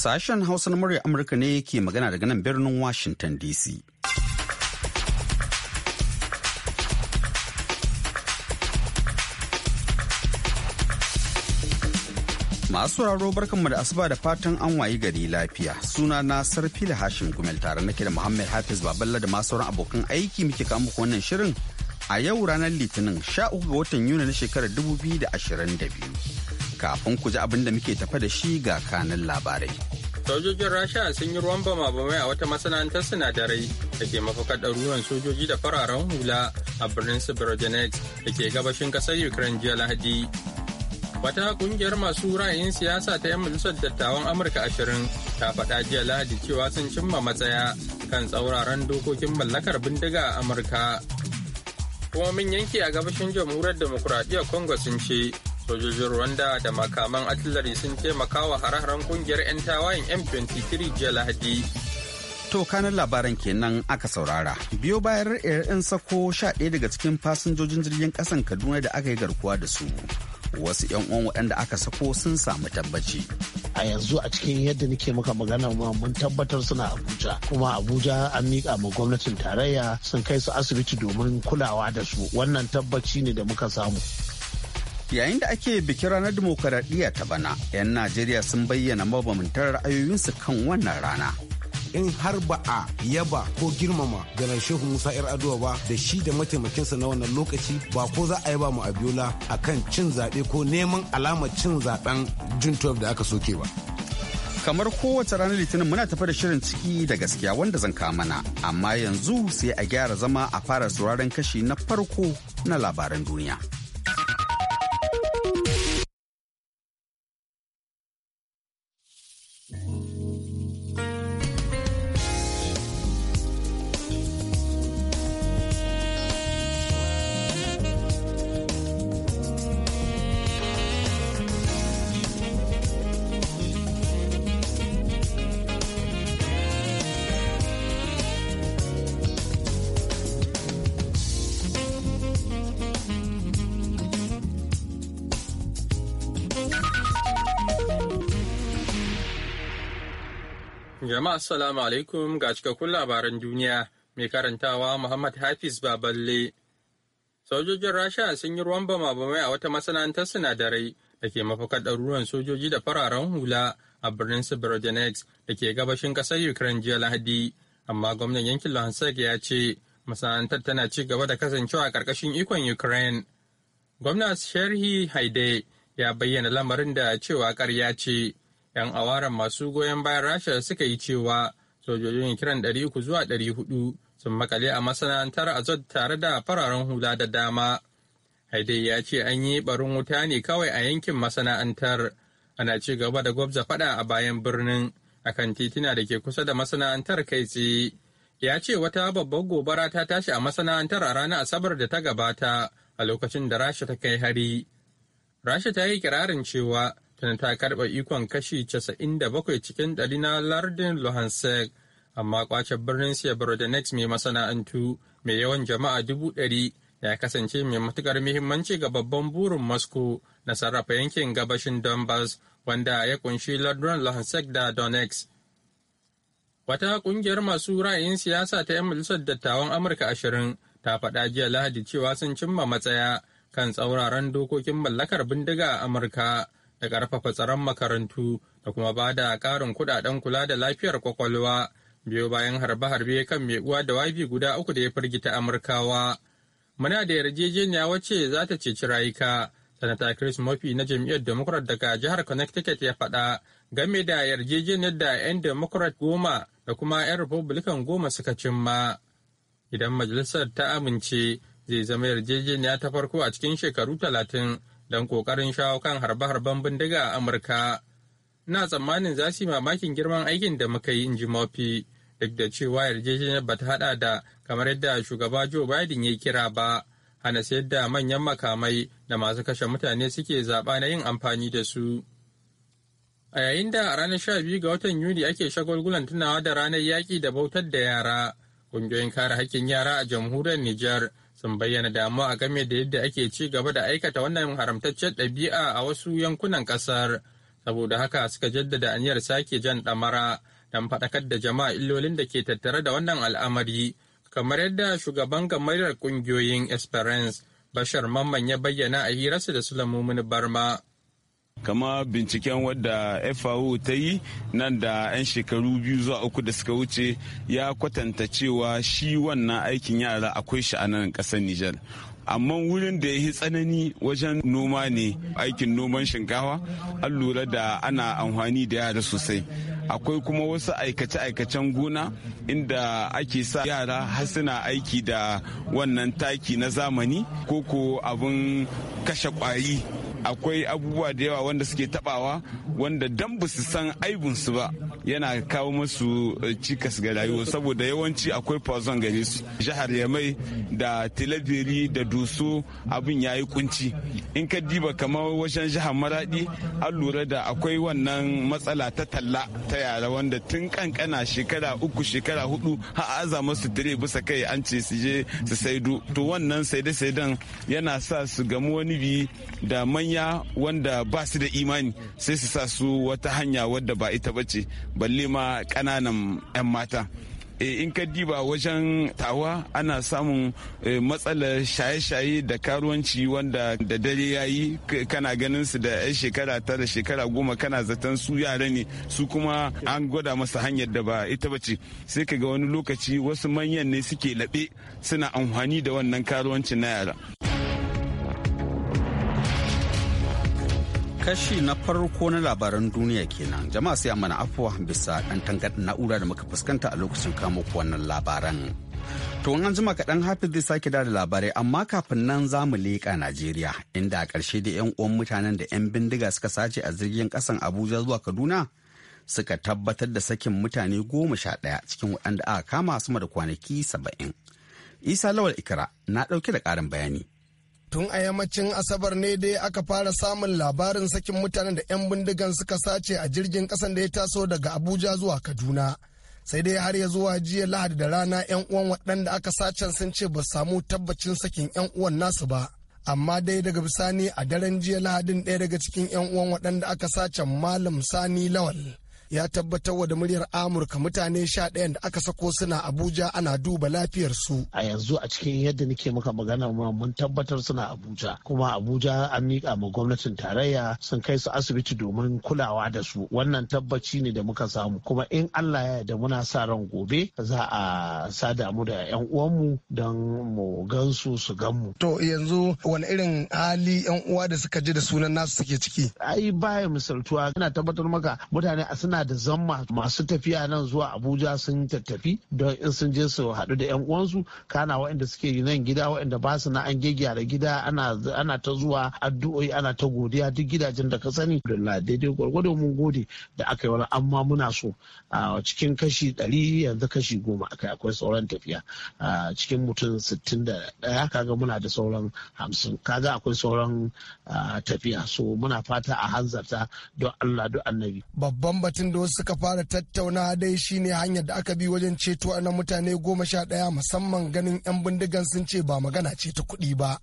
Sashen Hausa na murya Amurka ne ke magana daga nan birnin Washington DC. Masu raro barkanmu da asuba da fatan an wayi gari lafiya. Suna na sarfi da Hashim Gumel tare nake da Muhammad Hafiz Baballa da masu sauran abokan aiki muke kawo muku wannan shirin a yau ranar Litinin 13 ga watan Yuni na shekarar 2022. Kafin ku ji abin da muke tafa da shi ga kanan labarai. sojojin rasha sun yi ruwan bama bamai a wata masana'antar sinadarai da ke mafakar ɗaruruwan sojoji da fararen hula a birnin da ke gabashin ƙasar ukraine jiya lahadi wata ƙungiyar masu ra'ayin siyasa ta 'yan majalisar dattawan amurka ashirin ta faɗa jiya lahadi cewa sun cimma matsaya kan tsauraran dokokin mallakar bindiga a amurka Kuma mun yanki a gabashin jamhuriyar demokuraɗiyyar congo sun ce sojojin rwanda da makaman artillery sun taimaka wa hare kungiyar 'yan tawayen m23 jiya lahadi To kanan labaran kenan aka saurara. Biyo bayan yan sako sha ɗaya daga cikin fasinjojin jirgin ƙasan Kaduna da aka yi garkuwa da su. Wasu 'yan uwan waɗanda aka sako sun samu tabbaci. A yanzu a cikin yadda nake maka magana ma mun tabbatar suna Abuja. Kuma Abuja an miƙa ma gwamnatin tarayya sun kai su asibiti domin kulawa da su. Wannan tabbaci ne da muka samu. yayin da ake bikin ranar dimokuraɗiyya ta bana 'yan najeriya sun bayyana mabamantar ra'ayoyinsu kan wannan rana in har ba a yaba ko girmama janar shehu musa yar aduwa ba da shi da mataimakinsa na wannan lokaci ba ko za a yaba mu abiola a kan cin zaɓe ko neman alama cin zaɓen jun 12 da aka soke ba kamar kowace ranar litinin muna tafi da shirin ciki da gaskiya wanda zan mana amma yanzu sai a gyara zama a fara sauraron kashi na farko na labaran duniya. Jama'a assalamu alaikum ga cikakkun labaran duniya mai karantawa Muhammad Hafiz Baballe. Sojojin Rasha sun yi ruwan bama a wata masana'antar sinadarai da ke mafakar ɗaruruwan sojoji da fararen hula a birnin Sibirodinex da ke gabashin ƙasar Ukraine jiya Lahadi. Amma gwamnan yankin Luhansk ya ce masana'antar tana ci gaba da kasancewa a ƙarƙashin ikon Ukraine. Gwamna Sherhi Haide ya bayyana lamarin da cewa ƙarya ce. 'yan awaren masu goyon bayan rasha suka yi cewa sojojin kiran ɗari uku zuwa ɗari hudu sun makale a masana'antar azot tare da fararen hula da dama haidai ya ce an yi barin wuta ne kawai a yankin masana'antar ana ci gaba da gwabza fada a bayan birnin akan titina da ke kusa da masana'antar kai tsaye ya ce wata babbar gobara ta tashi a masana'antar a ranar asabar da ta gabata a lokacin da rasha ta kai hari rasha ta yi kirarin cewa tana ta karɓa ikon kashi 97 cikin ɗari na lardin luhansk amma kwace birnin next mai masana'antu mai yawan jama'a dubu ɗari ya kasance mai matukar muhimmanci ga babban burin Moscow na sarrafa yankin gabashin Donbass wanda ya kunshi Lardin Luhansk da Donex. Wata kungiyar masu ra'ayin siyasa ta 'yan majalisar dattawan Amurka ashirin ta faɗa jiya Lahadi cewa sun cimma matsaya kan tsauraran dokokin mallakar bindiga a Amurka da ƙarfafa tsaron makarantu da kuma ba da ƙarin kuɗaɗen kula da lafiyar kwakwalwa biyo bayan harbe-harbe kan mai uwa da wabi guda uku da ya firgita amurkawa muna da yarjejeniya wacce za ta ceci rayuka sanata chris murphy na jam'iyyar democrat daga jihar connecticut ya faɗa game da yarjejeniyar da 'yan democrat goma da kuma 'yan republican goma suka cimma idan majalisar ta amince zai zama yarjejeniya ta farko a cikin shekaru talatin don ƙoƙarin shawo kan harbe-harben bindiga a Amurka. Ina tsammanin za su yi mamakin girman aikin da muka yi in ji mafi duk da cewa yarjejeniyar ba ta haɗa da kamar yadda shugaba Joe Biden ya kira ba, hana sayar da manyan makamai da masu kashe mutane suke zaɓa na yin amfani da su. A yayin da a ranar biyu ga watan Yuni ake shagulgulan tunawa da ranar yaƙi da bautar da yara, ƙungiyoyin kare haƙƙin yara a jamhuriyar Nijar sun bayyana damuwa a game da yadda ake ci gaba da aikata wannan haramtaccen ɗabi'a a wasu yankunan ƙasar saboda haka suka jaddada aniyar sake jan ɗamara don faɗakar da jama'a illolin da ke tattare da wannan al'amari kamar yadda shugaban gamayyar ƙungiyoyin esperance bashar mamman ya bayyana a hirarsa da sulamumin barma kama binciken wadda fao ta yi nan da 'yan shekaru biyu zuwa uku da suka wuce ya kwatanta cewa shi wannan aikin yara akwai shi a nan ƙasar nijar amma wurin da ya yi tsanani wajen noma ne aikin noman shinkawa an lura da ana amfani da yara sosai akwai kuma wasu aikace-aikacen gona inda ake sa yara har suna aiki da wannan taki na zamani koko abin kashe kwari akwai abubuwa da yawa wanda suke tabawa wanda dan ba su san aibun su ba yana kawo musu eh, cikas ga rayuwa saboda yawanci akwai fazon gare su jihar yamai da tilabiri da dusu abin ya yi kunci in ka diba kamar wajen jihar maradi an lura da akwai wannan matsala ta talla ta yara wanda tun kankana shekara uku shekara hudu har aza musu dire bisa kai an ce su je su saidu to wannan saide-saiden yana sa su gamu wani bi da manyan manya wanda ba su da imani sai su sa su wata hanya wadda ba ita bace balle ma ƙananan 'yan mata eh, in ka diba wajen tawa ana samun eh, matsalar shaye-shaye da karuwanci wanda da dare ya yi kana ganin su da 'yan shekara tara shekara goma kana zaton su yara ne su kuma an gwada masa hanyar da ba ita bace sai ka ga wani lokaci wasu manyan ne suke laɓe suna amfani da wannan karuwanci na yara. kashi na farko na labaran duniya kenan jama'a sai mana afuwa bisa dan tangadin na'ura da muka fuskanta a lokacin kamo wannan labaran to an jima kaɗan hafiz zai sake da labarai amma kafin nan za mu leƙa najeriya inda a ƙarshe da yan uwan mutanen da yan bindiga suka sace a jirgin ƙasan abuja zuwa kaduna suka tabbatar da sakin mutane goma sha ɗaya cikin waɗanda aka kama sama da kwanaki saba'in isa lawal ikra na ɗauke da ƙarin bayani tun a yammacin asabar ne dai aka fara samun labarin sakin mutanen da 'yan bindigan suka sace a jirgin kasan da ya taso daga abuja zuwa kaduna sai dai har ya zuwa jiya lahadi da rana 'yan uwan waɗanda aka sacen sun ce ba samu tabbacin sakin 'yan uwan nasu ba amma dai daga bisani a daren jiya lahadin ɗaya daga cikin 'yan uwan waɗanda aka sacen malam sani lawal ya tabbatar wa da muryar amurka mutane sha ɗayan da aka sako suna abuja ana duba lafiyar su. a yanzu a cikin yadda nake maka magana ma mun tabbatar suna abuja kuma abuja an miƙa ma gwamnatin tarayya sun kai su asibiti domin kulawa da su wannan tabbaci ne da muka samu kuma in allah ya da muna sa ran gobe za a sada mu da yan uwanmu don mu gansu su gan to yanzu wani irin hali yan uwa da suka ji da sunan nasu suke ciki ai baya misaltuwa ina tabbatar maka mutane a suna yana da zamma masu tafiya nan zuwa abuja sun tattafi don in sun je su haɗu da yan uwansu kana waɗanda suke nan gida waɗanda ba su na an da gida ana ta zuwa addu'o'i ana ta godiya duk gidajen da ka sani da daidai gwargwado mun gode da aka yi wani amma muna so a cikin kashi ɗari yanzu kashi goma akai akwai sauran tafiya a cikin mutum sittin da ɗaya kaga muna da sauran hamsin kaga akwai sauran tafiya so muna fata a hanzarta don allah don annabi babban batun suka fara tattauna dai shine hanyar da aka bi wajen ceto na mutane goma sha ɗaya musamman ganin 'yan bindigan sun ce ba magana ce ta kuɗi ba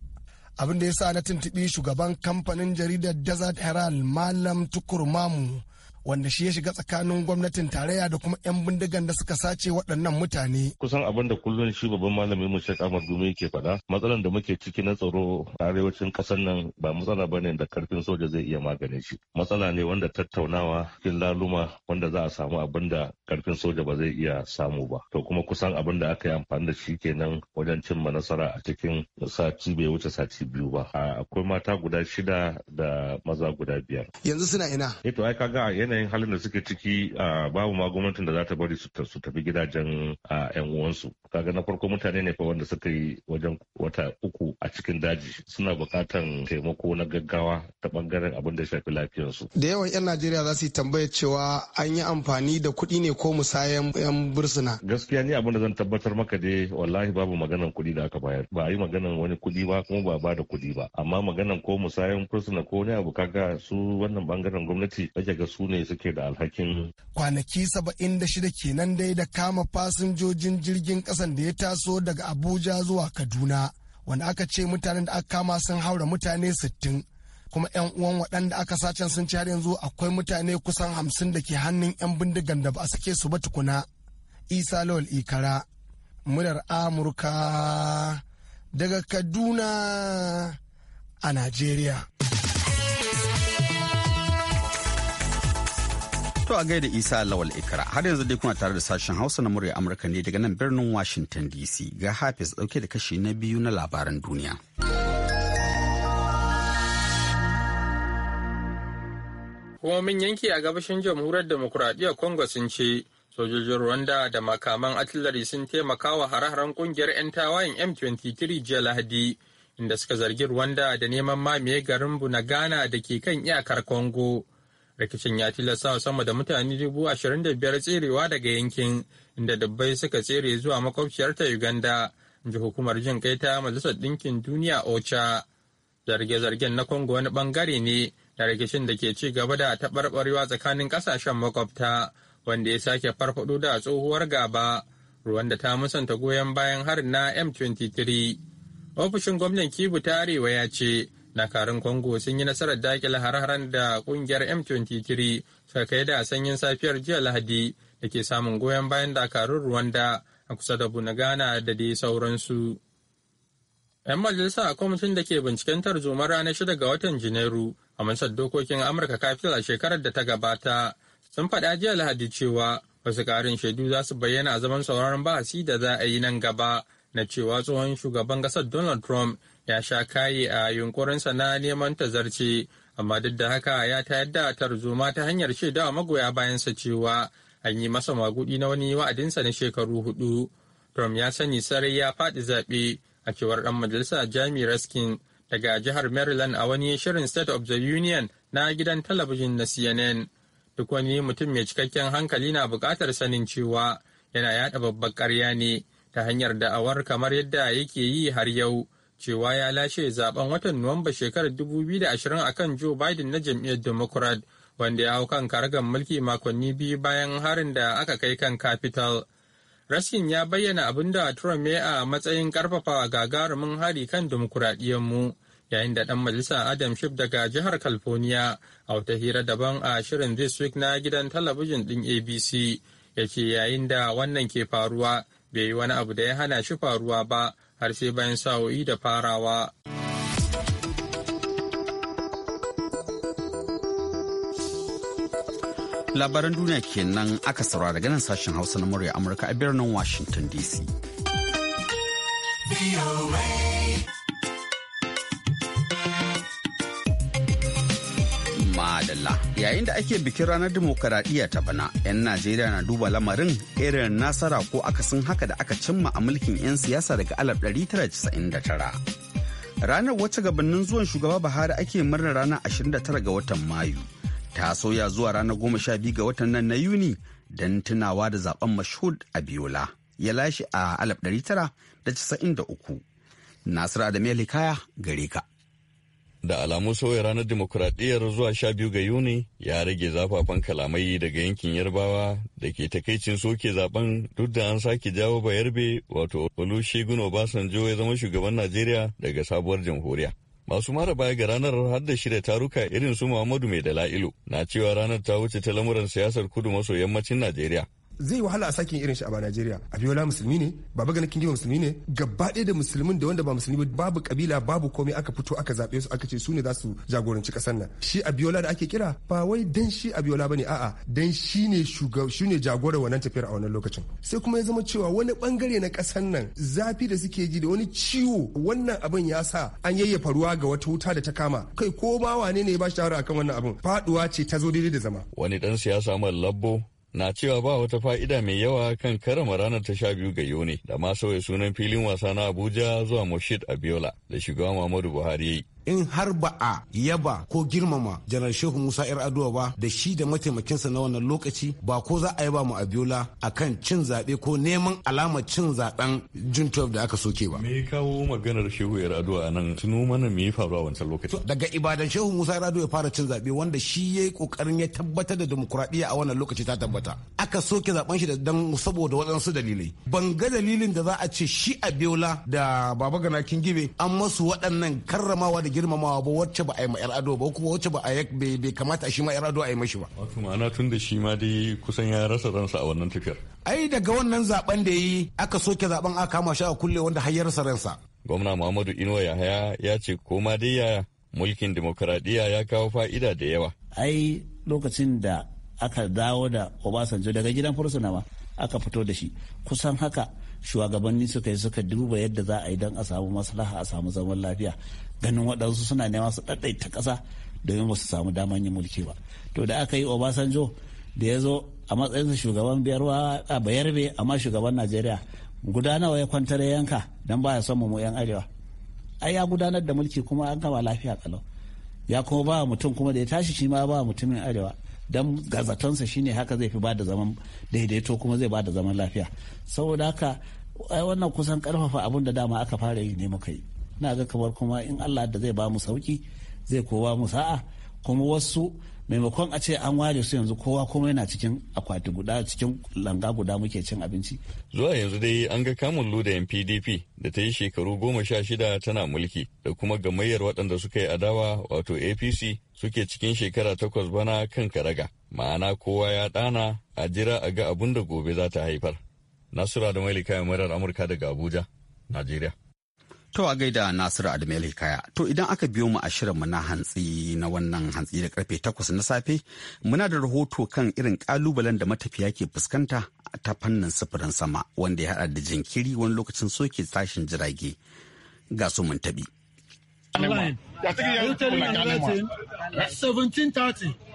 abin da ya sa na tuntuɓi shugaban kamfanin jaridar desert herald malam tukur mamu wanda shi ya shiga tsakanin gwamnatin tarayya da kuma 'yan bindigan da suka sace waɗannan mutane. Kusan abin da kullum shi babban malamin mu Sheikh Ahmad Gumi yake faɗa, matsalar da muke ciki na tsaro a arewacin ƙasar nan ba matsala ba da karfin soja zai iya magane shi. Matsala ne wanda tattaunawa cikin laluma wanda za a samu abin da karfin soja ba zai iya samu ba. To kuma kusan abin da aka yi amfani da shi kenan wajen cimma nasara a cikin sati bai wuce sati biyu ba. Akwai mata guda shida da maza guda biyar. Yanzu suna ina. Eh to ai kaga yanayin yanayin halin da suke ciki ah, babu ma gwamnatin da za ta bari su tafi gidajen 'yan ah, uwansu kaga na farko mutane ne fa wanda suka yi wajen wata uku a cikin daji suna bukatan taimako na gaggawa ta bangaren abin da shafi lafiyarsu. da yawan 'yan najeriya za su yi tambayar cewa an yi amfani da kuɗi ne ko musayan 'yan bursuna gaskiya ni abin da zan tabbatar maka dai wallahi babu maganan kuɗi da aka bayar ba a yi maganan wani kuɗi ba kuma ba ba da kuɗi ba amma maganan ko musayan bursuna ko wani abu kaga su wannan bangaren gwamnati ake ga su ne suke da alhakin kwanaki saba'in da shida kenan dai da kama fasinjojin jirgin ƙasa kasan da ya taso daga abuja zuwa kaduna wanda aka ce mutanen da aka kama sun haura mutane sittin kuma 'yan uwan waɗanda aka sace sun ci har yanzu akwai mutane kusan hamsin da ke hannun 'yan bindigan da ba a sake su ba tukuna isa lawal ikara murar amurka daga kaduna a najeriya To a gaida Isa Lawal Ikra har yanzu dai kuna tare da sashen Hausa na murya Amurka ne daga nan birnin Washington DC ga Hafiz dauke da kashi na biyu na labaran duniya. Hukumomin yanki a gabashin jamhuriyar demokuraɗiyyar Congo sun ce sojojin Rwanda da makaman artillery sun taimaka wa hare-haren kungiyar 'yan tawayen M23 jiya Lahadi inda suka zargi Rwanda da neman mamaye garin Bunagana da ke kan iyakar Congo. rikicin ya tilasta sama da mutane dubu ashirin da biyar tserewa daga yankin inda dubbai suka tsere zuwa makwabciyar ta uganda ji hukumar jin kai ta majalisar ɗinkin duniya ocha zarge-zargen na congo wani bangare ne da rikicin da ke ci gaba da taɓarɓarewa tsakanin ƙasashen makwabta wanda ya sake farfaɗo da tsohuwar gaba ruwan da ta musanta goyon bayan harin na m23 ofishin gwamnan kibu ta arewa ya ce dakarun congo sun yi nasarar dakile har-haren da kungiyar m23 suka kai da sanyin safiyar jiya lahadi da ke samun goyon bayan dakarun rwanda a kusa da bunagana da dai sauransu yan majalisa a kwamitin da ke binciken tarzoma ranar shida ga watan janairu a mansar dokokin amurka kafin a shekarar da ta gabata sun faɗa jiya lahadi cewa wasu karin shaidu za su bayyana a zaman sauraron bahasi da za a yi nan gaba na cewa tsohon shugaban ƙasar donald trump ya sha kaye a yunkurinsa na neman tazarci amma duk da haka ya tayar da tarzoma ta hanyar shaidawa magoya bayansa cewa an yi masa magudi na wani wa'adinsa na shekaru hudu trump ya sani sarai ya faɗi zaɓe a cewar ɗan majalisa jami raskin daga jihar maryland a wani shirin state of the union na gidan talabijin na cnn duk wani mutum mai cikakken hankali na bukatar sanin cewa yana yaɗa babbar karya ne ta hanyar da'awar kamar yadda yake yi har yau cewa ya lashe zaben watan Nuwamba shekarar 2020 akan Joe Biden na jam'iyyar Democrat wanda ya hau kan karagar mulki makonni biyu bayan harin da aka kai kan Capital. Rashin ya bayyana abin da Trump ya a matsayin karfafa gagarumin hari kan mu yayin da ɗan majalisa Adam Schiff daga jihar California a wata hira daban a shirin This Week na gidan talabijin ɗin ABC ya ce yayin da wannan ke faruwa bai yi wani abu da ya hana shi faruwa ba har sai bayan sa'o'i da farawa. Labaran duniya kenan aka saura daga nan sashen Hausa na murya Amurka a birnin Washington DC. Allah yayin da ake bikin ranar dimokuraɗiyya ta bana 'yan Najeriya na duba lamarin irin nasara ko akasin haka da aka cimma a mulkin 'yan siyasa daga 1999. Ranar wacce gabanin zuwan shugaba Buhari ake murnar ranar 29 ga watan Mayu ta sauya zuwa ranar 12 ga watan nan na Yuni don tunawa da zaben mashud a Biola ya lashe a 1993. Nasiru Adamu Hikaya gare ka. da alamu sauya ranar dimokuraɗiyyar zuwa sha biyu ga yuni ya rage zafafan kalamai daga yankin yarbawa da ke takaicin soke zaben duk da an sake jawo bayarbe wato olusegun obasanjo ya zama shugaban najeriya daga sabuwar jamhuriya masu mara baya ga ranar har da shirya taruka irin su muhammadu mai dala'ilu na cewa ranar ta wuce ta lamuran siyasar kudu maso yammacin najeriya zai wahala a sakin irin shi a ba Najeriya Abiola musulmi ne Baba ganin Kingiwa musulmi ne gaba ɗaya da musulmin da wanda ba musulmi babu kabila babu komai aka fito aka zabe su aka ce su ne za su jagoranci kasar nan shi Abiola da ake kira ba wai dan shi la bane a'a dan shi ne shugaba shi ne jagorar wannan tafiyar a wannan lokacin sai kuma ya zama cewa wani bangare na kasar nan zafi da suke ji da wani ciwo wannan abin ya sa an yayyafa ruwa ga wata wuta da ta kama kai ko ma wane ne ya ba shi akan wannan abin faduwa ce ta zo daidai da zama wani dan siyasa mai labbo na cewa ba wata fa'ida mai yawa kan karama ranar ta sha biyu ga Yuni da ma sauya sunan filin wasa na Abuja zuwa Moshid Abiola da shugaban Muhammadu Buhari ya in har ba a yaba ko girmama janar shehu musa yar aduwa ba da shi da mataimakinsa na wannan lokaci ba ko za a yaba mu a kan cin zaɓe ko neman alama cin zaɓen jun da aka soke ba me kawo maganar shehu yar aduwa nan tuno mana me ya faru a wancan lokaci daga ibadan shehu musa yar aduwa ya fara cin zaɓe wanda shi yayi kokarin ya tabbatar da demokuraɗiyya a wannan lokaci ta tabbata aka soke zaɓen shi da dan saboda waɗansu dalilai ban ga dalilin da za a ce shi a abiola da baba gana gibe an masu waɗannan karramawa da girmamawa ba wacce ba a yi ma yar ado ba kuma wacce ba a yi bai kamata a shi ma yar ado a yi mashi ba wato ma'ana tun da shi ma dai kusan ya rasa ransa a wannan tafiyar ai daga wannan zaben da yi aka soke zaben aka kama shi a kulle wanda har ya rasa ransa gwamna muhammadu inuwa yahaya ya ce koma dai ya mulkin demokuraɗiyya ya kawo fa'ida da yawa ai lokacin da aka dawo da obasanjo daga gidan fursuna ma aka fito da shi kusan haka shugabanni suka yi suka duba yadda za a yi don a samu maslaha a samu zaman lafiya ganin waɗansu suna neman su ɗaɗɗaita ƙasa domin ba su samu daman yin mulki ba to da aka yi obasanjo da ya zo a matsayin matsayinsa shugaban biyarwa a bayarbe amma shugaban najeriya gudanawa ya kwantar yanka don ba ya son mu yan arewa ai ya gudanar da mulki kuma an gama lafiya kalau ya kuma ba mutum kuma da ya tashi shi ma ba mutumin arewa don gazatonsa shine haka zai fi ba da zaman daidaito kuma zai ba da zaman lafiya saboda haka wannan kusan karfafa abin da dama aka fara yi ne muka yi na ga kamar kuma in allah da zai ba mu sauki zai kowa mu sa'a kuma wasu maimakon a ce an ware su yanzu kowa kuma yana cikin akwati guda cikin langa guda muke cin abinci. Zuwa yanzu dai an ga kamun da yan PDP da ta yi shekaru goma sha shida tana mulki da kuma gamayyar waɗanda suka yi adawa wato APC suke cikin shekara takwas bana kan karaga. Ma'ana kowa ya ɗana a jira a ga abun da gobe za ta haifar. Nasura da Malika Murar Amurka daga Abuja, Najeriya. To a gaida Nasiru Adamel Hikaya. To idan aka biyo mu a shirinmu na hantsi na wannan hantsi da karfe takwas na safe, muna da rahoto kan irin kalubalen da matafiya ke fuskanta ta fannin sufurin sama wanda ya haɗa da jinkiri wani lokacin soke tashin jirage. Ga su mun taɓi. I'm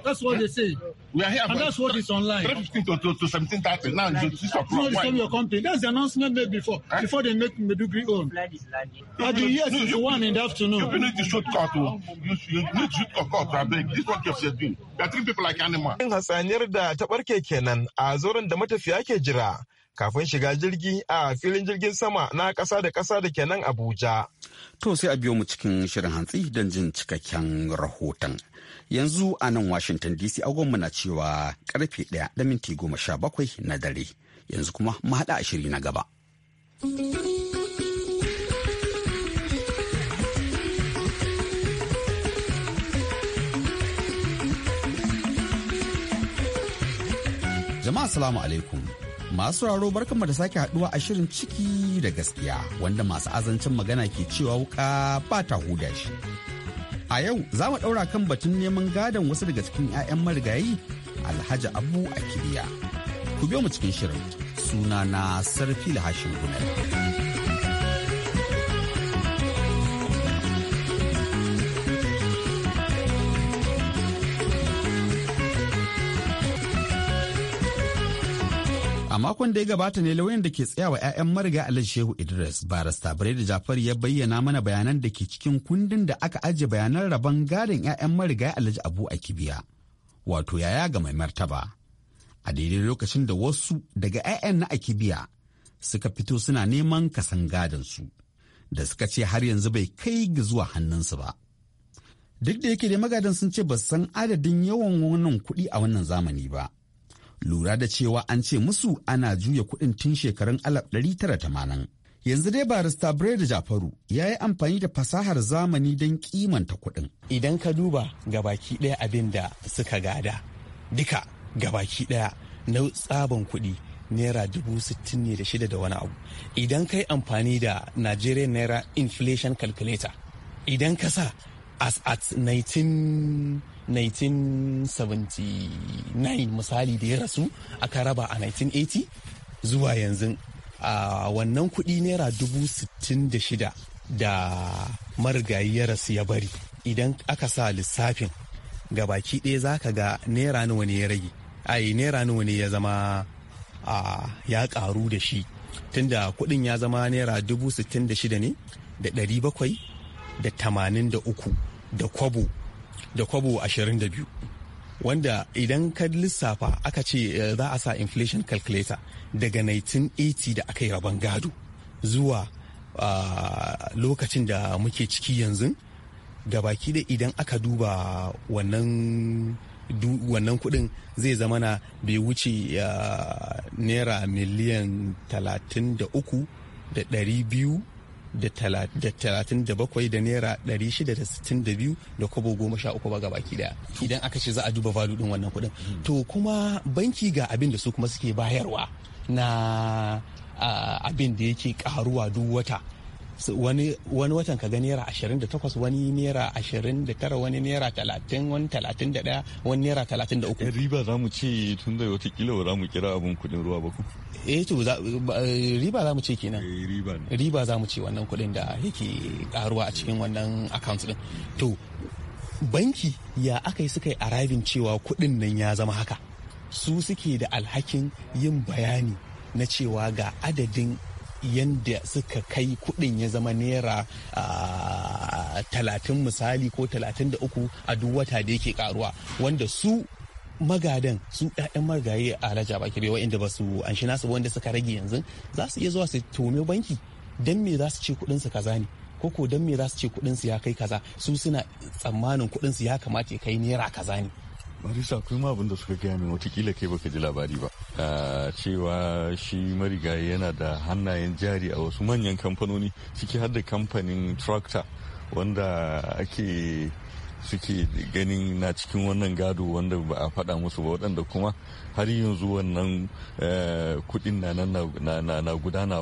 That's what they say. We are here and that's what is online. to, to, to Now, your company. That's the announcement made before. Eh? Before they make Medugri own. one in the afternoon. You need shoot court. Oh. You, shoot court. This what There are three people like Hasaniyar da ta barke kenan a zoron da matafiya ke jira kafin shiga jirgi a filin jirgin sama na ƙasa da ƙasa da kenan Abuja. To sai a biyo mu cikin shirin hantsi don jin cikakken rahoton. Yanzu a nan Washington DC agon na cewa karfe ɗaya da minti goma sha bakwai na dare. Yanzu kuma mahaɗa ashiri a shiri na gaba. Jama'a salamu alaikum. Masu raro barkanmu da sake haduwa a shirin ciki da gaskiya wanda masu azancin magana ke cewa wuka ba ta huda shi. A yau za mu ɗaura kan batun neman gadon wasu daga cikin 'ya'yan marigayi Alhaji Abu Akiliya. Ku biyo mu cikin shirin suna na lahashin Hashin makon da ya gabata ne lauyan da ke tsayawa 'ya'yan mariga a shehu idris barista da jafar ya bayyana mana bayanan da ke cikin kundin da aka ajiye bayanan rabon gadin 'ya'yan mariga alhaji abu a kibiya wato yaya ga mai martaba a daidai lokacin da wasu daga 'ya'yan na akibiya suka fito suna neman kasan gadon su da suka ce har yanzu bai kai ga zuwa hannunsu ba duk da yake da magadan sun ce ba san adadin yawan wannan kuɗi a wannan zamani ba lura da cewa an ce musu ana juya kuɗin tun shekarun 1980. Yanzu dai barista Breda Jafaru ya yi amfani da fasahar zamani don kimanta kuɗin. Idan ka duba gabaki ɗaya abin da suka gada, duka gabaki ɗaya na tsaban kuɗi naira dubu sittin ne da shida da wani abu. Idan ka amfani da Nigerian Naira Inflation Calculator, idan ka sa as at 19 1979 misali da ya rasu aka raba a 1980 zuwa yanzu a wannan kuɗi naira dubu sittin da shida da marigayi ya rasu ya bari idan aka sa lissafin ga baki ɗaya za ka ga naira nawa ne ya rage ai naira nawa ne ya zama ya ƙaru da shi tunda kuɗin ya zama naira dubu shida ne da ɗari da tamanin da kwabo da kwabo 22 wanda idan ka lissafa aka ce eh, za a sa inflation calculator daga 1980 da aka yi rabon gado zuwa ah, lokacin da muke ciki yanzu ga baki da idan aka duba wannan wannan kudin zai zama na bai wuce ah, naira miliyan 33 da 200 da talatin da bakwai da naira ɗari shida da sittin da biyu da kobo goma sha uku ba ga baki daya idan aka ce za a duba valu ɗin wannan kuɗin hmm. to kuma banki ga abin da su kuma suke bayarwa na abin da yake karuwa duk wata wani watan ka ga naira 28 wani naira 29 wani naira 30 wani 31 wani naira 33 eh, riba za mu ce tun da watakila ba za mu kira abin kudin ruwa ba ku eh to riba za mu ce kenan eh, riba za mu ce wannan kuɗin da yake karuwa a cikin wannan account din to banki ya aka yi suka yi arabin cewa kuɗin nan ya zama haka su suke da alhakin yin bayani na cewa ga adadin yadda suka kai kuɗin ya zama naira talatin misali ko talatin da uku a duk wata da yake karuwa wanda su magadan sun ƴaƴan marigayi a alhaji abaki bai wa'inda ba su anshi nasu wanda suka rage yanzu za su iya zuwa su tome banki dan me za su ce kuɗin su kaza ne ko ko dan me za su ce kuɗin su ya kai kaza su suna tsammanin kuɗin su ya kamata ya kai naira kaza ne marisa akwai ma abin da suka gaya min watakila kai baka ji labari ba ah, cewa shi marigayi yana da hannayen jari a wasu manyan kamfanoni ciki har da kamfanin tractor wanda ake suke ganin na cikin wannan gado wanda ba a faɗa musu ba waɗanda kuma har yanzu wannan eh, kuɗin na nan na gudana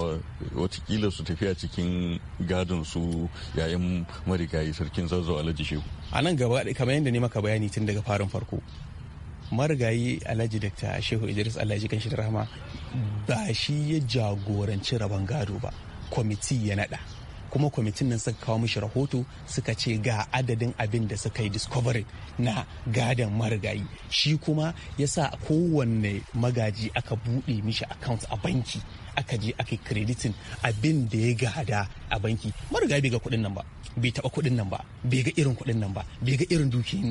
watakila su tafi a cikin gadon su yayin marigayi sarkin zazzau alhaji shehu a nan gaba kamar yadda ne maka bayani tun daga farin farko marigayi alhaji dakta shehu idris alhaji kan rahama ba shi ya jagoranci rabon gado ba kwamiti ya naɗa kuma kwamitin nan suka kawo mishi rahoto suka ce ga adadin abin da suka yi discovery na gadon marigayi shi kuma ya sa kowanne magaji aka buɗe mishi account a banki aka je aka kreditin abin da ya gada a banki marigayi bai ga kuɗin nan ba bai taɓa kuɗin nan ba bai ga irin kuɗin nan ba bai ga irin dukin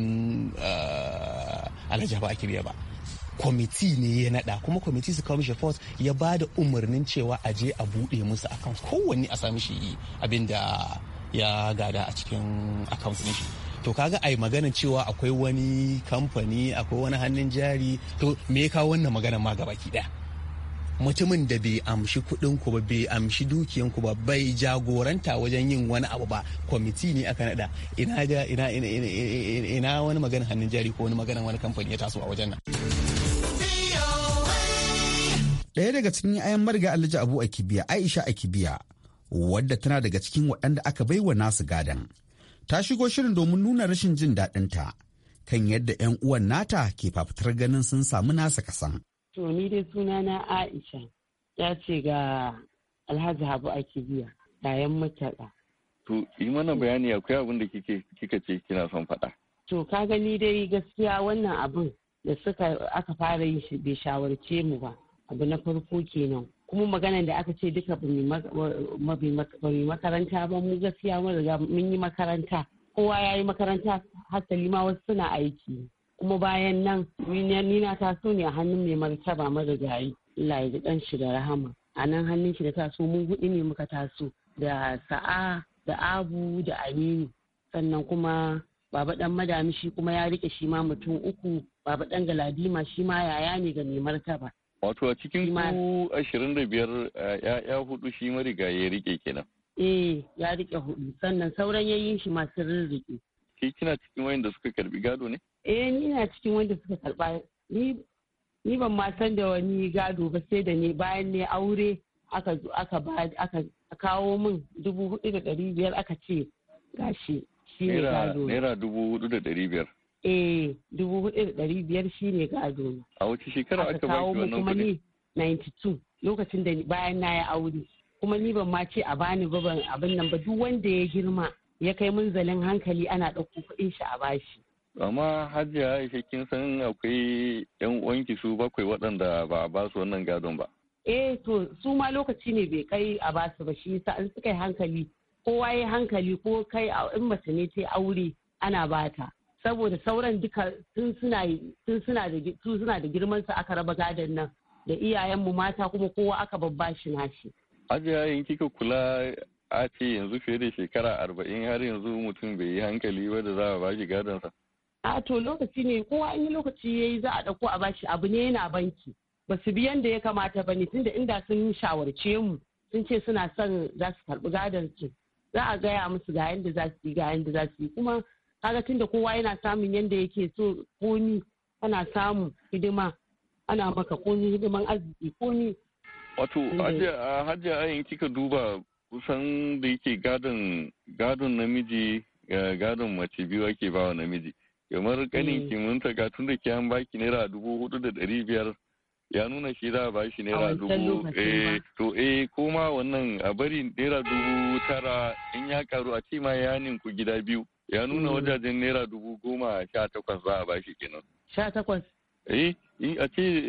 ah, alhaji ake biya ba kwamiti ne ya nada kuma kwamiti su kawo report ya ba da umarnin cewa a je a bude musu akan kowanne a sami shi abin da ya gada a cikin account shi to kaga ai magana cewa akwai wani kamfani akwai wani hannun jari to me ya kawo wannan magana ma gaba daya mutumin da bai amshi kudin ku ba bai amshi dukiyan ku ba bai jagoranta wajen yin wani abu ba kwamiti ne aka nada ina ina ina wani magana hannun jari ko wani magana wani kamfani ya taso a wajen nan Daya daga cikin ayan marga alhaji abu akibiya aisha akibiya wadda tana daga cikin waɗanda aka bai wa nasu gadan ta shigo shirin domin nuna rashin jin daɗinta kan yadda 'yan uwan nata ke fafutar ganin sun samu nasa kasan. To ni dai sunana Aisha ya ce ga Alhaji Habu Akibiya yayan mataɗa. To yi mana bayani akwai abin da kika ce kina son faɗa. To ka gani dai gaskiya wannan abin da suka aka fara yi bai shawarce mu ba. abu na farko kenan kuma maganar da aka ce duka mu makaranta ba mu gaskiya mun riga mun yi makaranta kowa ya yi makaranta hasali ma wasu suna aiki kuma bayan nan ni na taso ne a hannun mai martaba marigayi Allah ya dan shi da rahama a nan hannun shi da taso mun hudu ne muka taso da sa'a da abu da aminu sannan kuma baba dan madami shi kuma ya rike shi ma mutum uku baba dan galadima shi ma yaya ne ga mai martaba Wato a cikin ku ashirin da biyar ya'ya hudu shi mariga ya rike kenan. Eh ya rike hudu sannan sauran yayin shi masu rirrike. Ke kina cikin da suka karbi gado ne? Eh ni na cikin wanda suka karba ni ni ban ma san da wani gado ba sai da ne bayan ne aure aka zo aka ba aka kawo min dubu hudu da dari biyar aka ce gashi shi ne gado. Naira dubu hudu da dari biyar. eh dubu hudu da dari biyar shine ga na a wace shekara aka kawo mu kuma ni 92 lokacin da bayan na ya aure kuma ni ban ma ce a bani ba ban abin nan ba duk wanda ya girma ya kai mun zalin hankali ana ɗauko kuɗin shi a bashi amma hajiya aisha kin san akwai yan uwanki su bakwai waɗanda ba a ba su wannan gadon ba eh to su ma lokaci ne bai kai a ba su ba shi yasa in suka yi hankali kowa ya hankali ko kai a in mace ne ta aure ana bata saboda sauran duka sun suna da girman su aka raba gadon nan da iyayenmu mata kuma kowa aka babbashi nashi ajiya yin kika kula a ce yanzu fiye da shekara arba'in har yanzu mutum bai yi hankali ba da za a bashi gadonsa a to lokaci ne kowa in yi lokaci yayi za a ɗauko a bashi abu ne yana banki ba su bi yanda ya kamata ba ne tunda inda sun shawarce mu sun ce suna son za su karɓi gadon su za a gaya musu ga yanda za su yi ga yanda za su yi kuma kaga tunda kowa yana samun yanda yake so komi ana samu hidima ana maka komi hidiman arziki komi wato eh. hajiya ayin kika duba kusan da yake gadon gadon namiji gadon mace biyu ake ba wa namiji kamar kanin ta eh. ga tun da ke an baki naira dubu hudu da dari biyar ya nuna shi za a ba shi naira dubu eh, to eh koma wannan a bari naira dubu tara in ya karu a ce ma ya ninku gida biyu ya nuna hmm. wajajen naira dubu goma sha takwas za a bashi kenan sha takwas eh, eh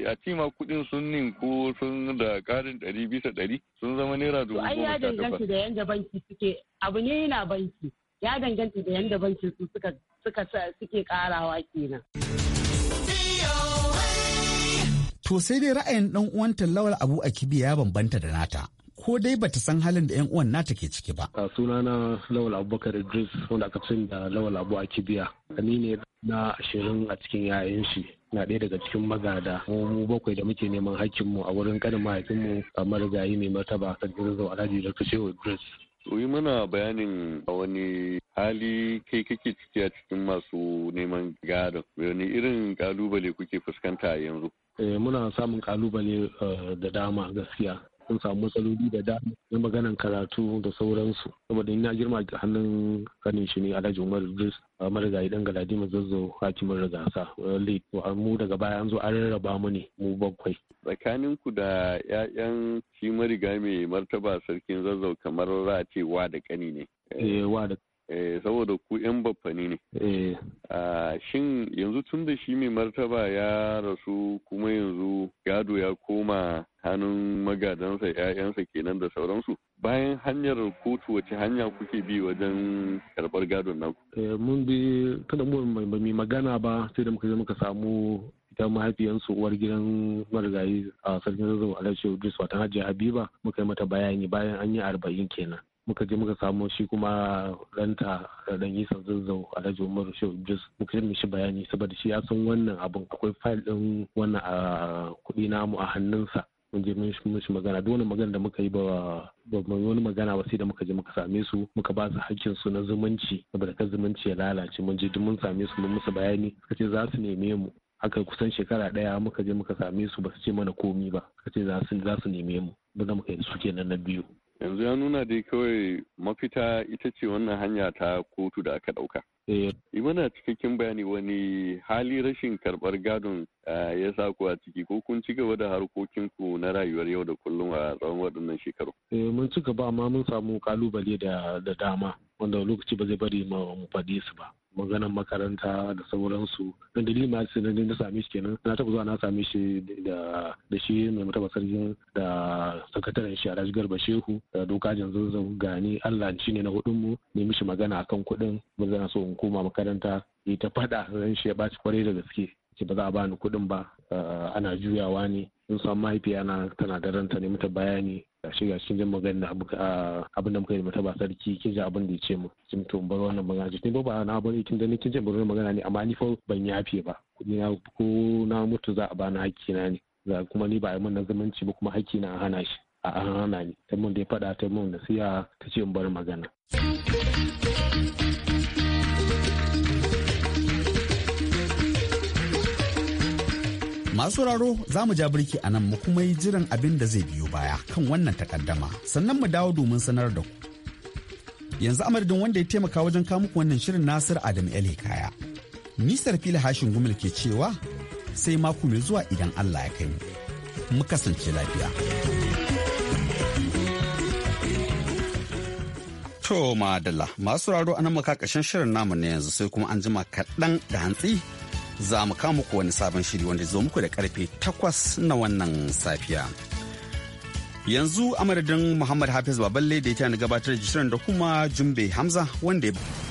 a ce ma kudin sun nin ko sun da karin dari bisa dari, sun zama naira dubu goma sha takwas. ya danganta da yanda banki suke abu ne yana banki ya danganta da yanda banki su suka suke karawa kenan. To sai dai ra'ayin ɗan uwan tallawar Abu Akibi ya bambanta da nata. ko dai bata san halin da 'yan uwan nata ke ciki ba. A na Lawal Abubakar Idris wanda aka fi da Lawal Abu a Ni ne na ashirin a cikin yayan shi. na ɗaya daga cikin magada mu bakwai da muke neman hakkinmu a wurin kanin mahaifinmu a marigayi mai martaba kan zuwa alhaji da kashe idris yi mana bayanin a wani hali kai kake ciki a cikin masu neman gadon wani irin kalubale kuke fuskanta yanzu eh, muna samun kalubale eh, da dama gaskiya sun samu matsaloli da dama na maganan karatu da sauransu saboda ina girma hannun kanin shi ne alhaji umar idris marigayi dan galadima zazzo hakimin rigasa wale mu daga baya an zo an rarraba mu ne mu bakwai tsakanin ku da ƴaƴan shi mariga mai martaba sarkin zazzau kamar za da kani ne wa da Eh, saboda ku 'yan baffani ne. Eh. Ah, shin yanzu tun da shi mai martaba ya rasu kuma yanzu gado ya koma hannun magadansa 'ya'yansa kenan da sauransu. Bayan hanyar kotu wace hanya kuke bi wajen karɓar gadon nan? Eh, mun bi tunda mu ba mai magana ba sai da muka je muka samu ita mahaifiyansu uwar gidan marigayi a sarkin zazzau alhaji Idris watan hajiya Habiba muka yi mata bayani bayan an yi arba'in kenan. muka je muka samu shi kuma ranta dan yi zazzau da umar shehu muka yi mishi bayani saboda shi ya san wannan abun akwai fayil din wannan a kudi namu a hannunsa mun je mishi magana duk wani magana da muka yi ba ba wani magana ba sai da muka je muka same su muka ba su hakkin su na zumunci saboda kan zumunci ya lalace mun je duk mun same su mun musu bayani suka ce za su neme mu aka kusan shekara daya muka je muka same su ba su ce mana komi ba suka ce za su neme mu ba muka yi su kenan na biyu yanzu ya nuna dai kawai mafita ita ce wannan hanya ta kotu da aka ɗauka. Eh. Yi mana cikakken bayani wani hali rashin karbar gadon eh, ya sa ku a ciki ko kun ci gaba da harkokin ku na rayuwar yau da kullum a tsawon waɗannan shekaru. Eh, mun ci gaba amma mun samu kalubale da dama wanda lokaci ba zai bari mu faɗi su ba. maganan makaranta da sauransu don dalili ma sai na na same shi kenan na taɓa zuwa na same shi da da shi mai mutaba sarkin da sakataren shi Alhaji Garba Shehu da dokajin zanzan gani Allah shi ne na hudun mu ne mishi magana akan kuɗin mun zana so in koma makaranta ya ta faɗa ran shi ya ɓaci kwarai da gaske ce ba za a bani kuɗin ba ana juyawa ne in san mahaifiya na tana da ranta ne mata bayani gashi gashi kin ji magana abin da muka yi mata ba sarki kin ji abin da ya ce mu kin to bar wannan magana kin ba ba na bar kin da ni kin ji bar wannan magana ne amma ni fa ban yafe ba ni na ko na mutu za a bani hakki na ne za kuma ni ba a yi min zumunci ba kuma hakki na a hana shi a hana ni ta mun da ya faɗa ta mun nasiya ta ce in bar magana. Masu sauraro za mu ja birki a nan mu kuma yi jiran abin da zai biyo baya kan wannan takaddama sannan mu dawo domin sanar da ku. Yanzu amardin wanda ya taimaka wajen kamuku wannan shirin Nasir Adam Ele Kaya. Nisar fili hashin gumil ke cewa sai mako mai zuwa idan Allah ya kai mu. Mu kasance lafiya. To madalla masu sauraro nan maka shirin namu na yanzu sai kuma an jima kaɗan da hantsi za mu kama muku wani sabon shiri wanda zo muku da karfe takwas na wannan safiya. Yanzu a madadin Muhammad Hafiz Baballe da ya gabatar da shirin da kuma Jumbe Hamza wanda ya